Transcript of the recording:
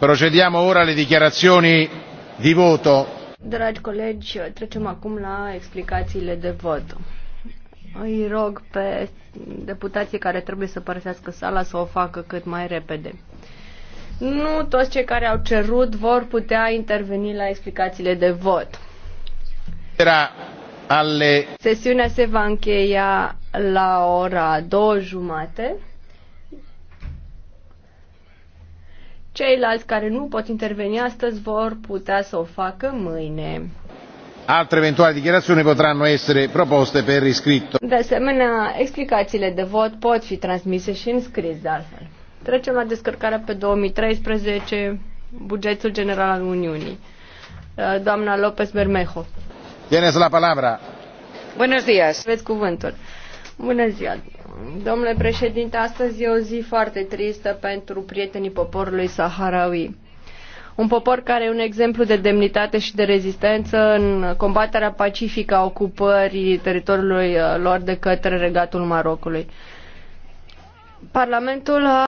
Procediamo ora alle dichiarazioni di voto. Dragi colegi, trecem acum la explicațiile de vot. Îi rog pe deputații care trebuie să părăsească sala să o facă cât mai repede. Nu toți cei care au cerut vor putea interveni la explicațiile de vot. Era Sesiunea se va încheia la ora două jumate. Ceilalți care nu pot interveni astăzi vor putea să o facă mâine. Altre eventuali dichiarazioni potranno essere proposte per iscritto. De asemenea, explicațiile de vot pot fi transmise și în scris de altfel. Trecem la descărcarea pe 2013, bugetul general al Uniunii. Uh, doamna López Bermejo. Tienes la palabra. Buenos días. Aveți cuvântul. Bună ziua. Domnule președinte, astăzi e o zi foarte tristă pentru prietenii poporului saharaui. Un popor care e un exemplu de demnitate și de rezistență în combaterea pacifică a ocupării teritoriului uh, lor de către regatul Marocului. Parlamentul a